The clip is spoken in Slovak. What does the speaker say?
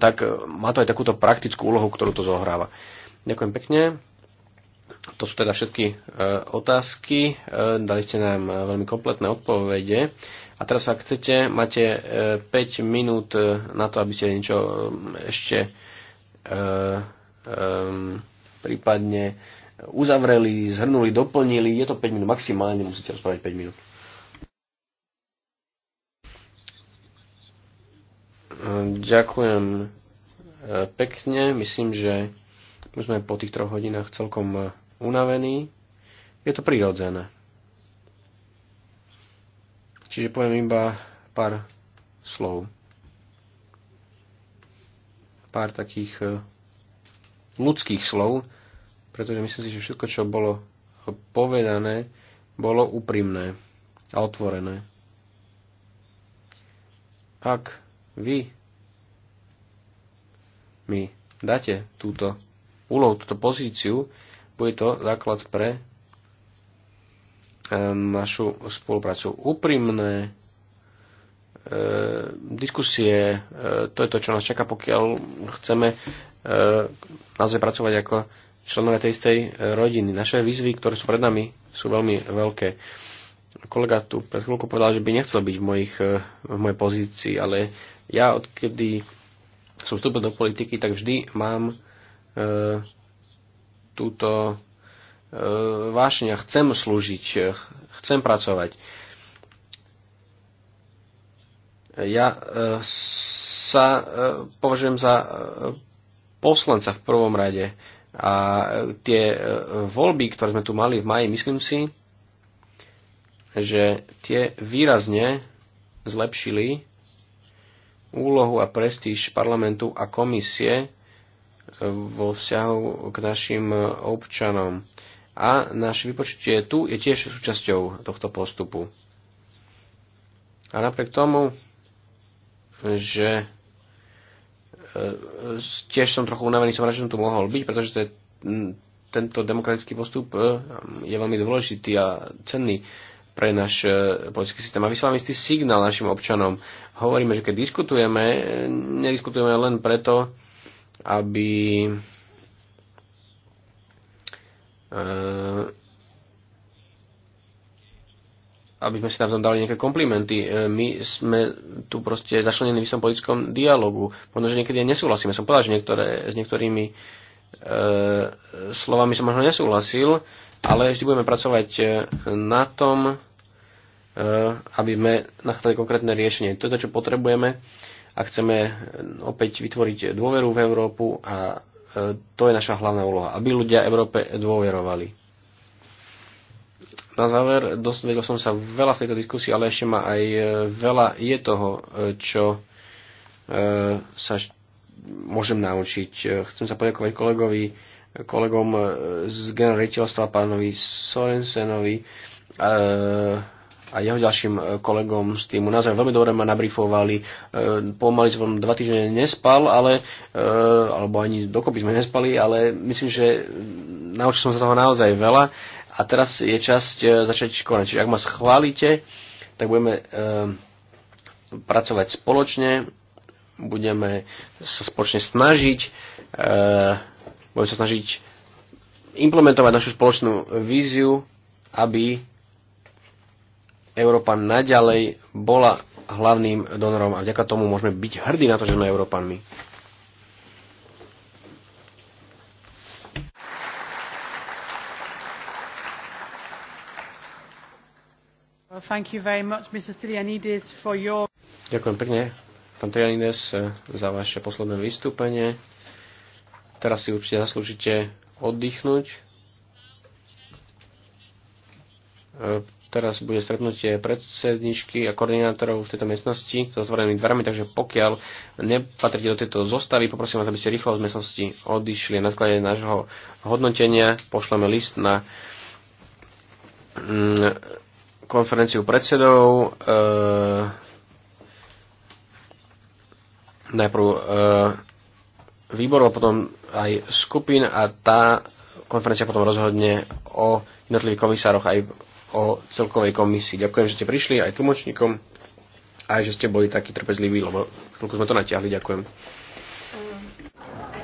tak e, má to aj takúto praktickú úlohu, ktorú to zohráva. Ďakujem pekne. To sú teda všetky e, otázky. E, dali ste nám e, veľmi kompletné odpovede. A teraz, ak chcete, máte e, 5 minút e, na to, aby ste niečo e, ešte e, e, prípadne uzavreli, zhrnuli, doplnili. Je to 5 minút maximálne, musíte rozprávať 5 minút. Ďakujem e, pekne. Myslím, že už sme po tých troch hodinách celkom e, unavení. Je to prirodzené. Čiže poviem iba pár slov. Pár takých e, ľudských slov, pretože myslím si, že všetko, čo bolo povedané, bolo úprimné a otvorené. Ak vy mi dáte túto úlohu, túto pozíciu, bude to základ pre našu spoluprácu. Úprimné e, diskusie, e, to je to, čo nás čaká, pokiaľ chceme e, naozaj pracovať ako členovia tej istej e, rodiny. Naše výzvy, ktoré sú pred nami, sú veľmi veľké. Kolega tu pred chvíľkou povedal, že by nechcel byť v, mojich, e, v mojej pozícii, ale ja odkedy som vstúpil do politiky, tak vždy mám e, túto e, vášňa, chcem slúžiť, e, chcem pracovať. Ja e, sa e, považujem za e, poslanca v prvom rade a e, tie e, voľby, ktoré sme tu mali v maji, myslím si, že tie výrazne zlepšili úlohu a prestíž parlamentu a komisie e, vo vzťahu k našim občanom. A naše vypočutie tu je tiež súčasťou tohto postupu. A napriek tomu, že e, tiež som trochu unavený, som rád, že som tu mohol byť, pretože tento demokratický postup e, je veľmi dôležitý a cenný pre náš e, politický systém. A vysielame istý signál našim občanom. Hovoríme, že keď diskutujeme, nediskutujeme len preto, aby e, aby sme si tam dali nejaké komplimenty. E, my sme tu proste začlenení v istom politickom dialogu. Možno, že niekedy nesúhlasíme. Som povedal, že niektoré, s niektorými e, slovami som možno nesúhlasil, ale vždy budeme pracovať na tom, Eh, aby sme nachádzali konkrétne riešenie. To je to, čo potrebujeme a chceme eh, opäť vytvoriť dôveru v Európu a eh, to je naša hlavná úloha, aby ľudia Európe dôverovali. Na záver, dozvedel som sa veľa v tejto diskusii, ale ešte ma aj veľa je toho, čo sa môžem naučiť. Chcem sa poďakovať kolegovi, kolegom z generáliteľstva, pánovi Sorensenovi, a jeho ďalším e, kolegom z týmu. Naozaj veľmi dobre ma nabrifovali. E, pomaly som dva týždne nespal, ale, e, alebo ani dokopy sme nespali, ale myslím, že naučil som sa toho naozaj veľa a teraz je časť začať konať. Čiže ak ma schválite, tak budeme pracovať spoločne, budeme sa spoločne snažiť, budeme sa snažiť implementovať našu spoločnú víziu, aby Európa naďalej bola hlavným donorom a vďaka tomu môžeme byť hrdí na to, že sme Európanmi. Well, thank you very much, Mr. for your... Ďakujem pekne, pán Trianides, eh, za vaše posledné vystúpenie. Teraz si určite zaslúžite oddychnúť eh, Teraz bude stretnutie predsedničky a koordinátorov v tejto miestnosti so zvorenými dverami, takže pokiaľ nepatríte do tejto zostavy, poprosím vás, aby ste rýchlo z miestnosti odišli. Na základe nášho hodnotenia pošleme list na mm, konferenciu predsedov. E, najprv e, eh, a potom aj skupín a tá konferencia potom rozhodne o jednotlivých komisároch aj o celkovej komisii. Ďakujem, že ste prišli aj tlmočníkom, aj že ste boli takí trpezliví, lebo chvíľku sme to natiahli. Ďakujem. Ehm,